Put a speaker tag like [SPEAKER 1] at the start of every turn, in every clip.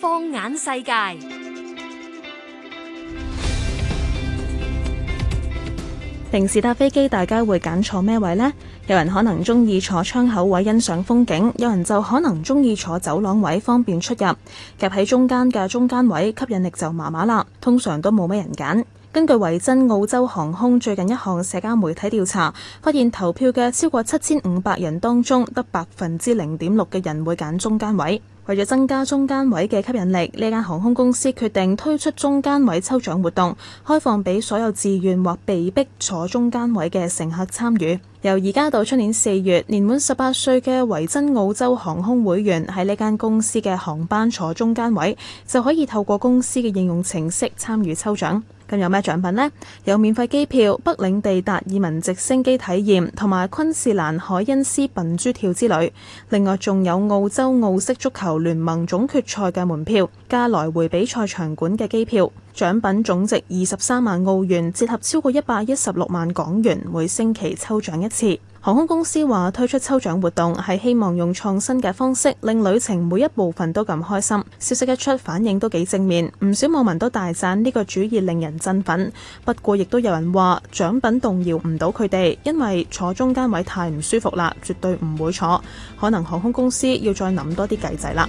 [SPEAKER 1] 放眼世界，平時搭飛機，大家會揀坐咩位呢？有人可能中意坐窗口位欣賞風景，有人就可能中意坐走廊位方便出入。夾喺中間嘅中間位，吸引力就麻麻啦，通常都冇咩人揀。根據維珍澳洲航空最近一項社交媒體調查，發現投票嘅超過七千五百人當中，得百分之零點六嘅人會揀中間位。為咗增加中間位嘅吸引力，呢間航空公司決定推出中間位抽獎活動，開放俾所有自願或被逼坐中間位嘅乘客參與。由而家到出年四月，年滿十八歲嘅維珍澳洲航空會員喺呢間公司嘅航班坐中間位，就可以透過公司嘅應用程式參與抽獎。咁有咩獎品呢？有免費機票、北領地達爾文直升機體驗同埋昆士蘭凱恩斯笨豬跳之旅，另外仲有澳洲澳式足球聯盟總決賽嘅門票加來回比賽場館嘅機票。獎品總值二十三萬澳元，折合超過一百一十六萬港元，每星期抽獎一次。航空公司話推出抽獎活動係希望用創新嘅方式令旅程每一部分都咁開心。消息一出，反應都幾正面，唔少網民都大讚呢個主意令人振奮。不過亦都有人話獎品動搖唔到佢哋，因為坐中間位太唔舒服啦，絕對唔會坐。可能航空公司要再諗多啲計仔啦。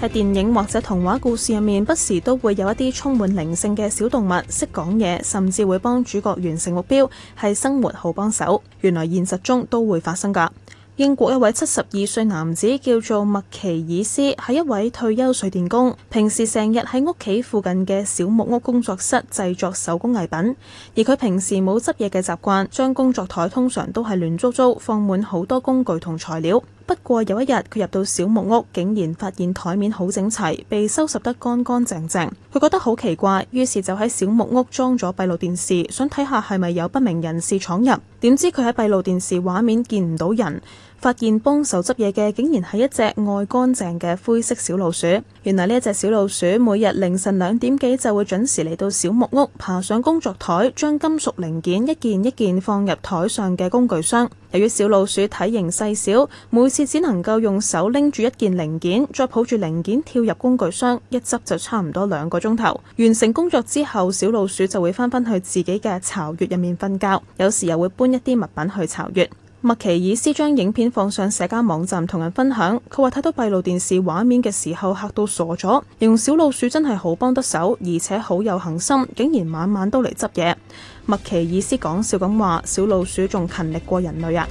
[SPEAKER 1] 喺電影或者童話故事入面，不時都會有一啲充滿靈性嘅小動物，識講嘢，甚至會幫主角完成目標，係生活好幫手。原來現實中都會發生㗎。英國一位七十二歲男子叫做麥奇爾斯，係一位退休水電工，平時成日喺屋企附近嘅小木屋工作室製作手工藝品。而佢平時冇執嘢嘅習慣，將工作台通常都係亂糟糟，放滿好多工具同材料。不過有一日，佢入到小木屋，竟然發現台面好整齊，被收拾得乾乾淨淨。佢覺得好奇怪，於是就喺小木屋裝咗閉路電視，想睇下係咪有不明人士闖入。點知佢喺閉路電視畫面見唔到人。發現幫手執嘢嘅竟然係一隻愛乾淨嘅灰色小老鼠。原來呢一隻小老鼠每日凌晨兩點幾就會準時嚟到小木屋，爬上工作台，將金屬零件一件一件，一件放入台上嘅工具箱。由於小老鼠體型細小，每次只能夠用手拎住一件零件，再抱住零件跳入工具箱，一執就差唔多兩個鐘頭。完成工作之後，小老鼠就會返返去自己嘅巢穴入面瞓覺，有時又會搬一啲物品去巢穴。麥奇爾斯將影片放上社交網站同人分享，佢話睇到閉路電視畫面嘅時候吓到傻咗，形容小老鼠真係好幫得手，而且好有恒心，竟然晚晚都嚟執嘢。麥奇爾斯講笑咁話，小老鼠仲勤力過人類啊！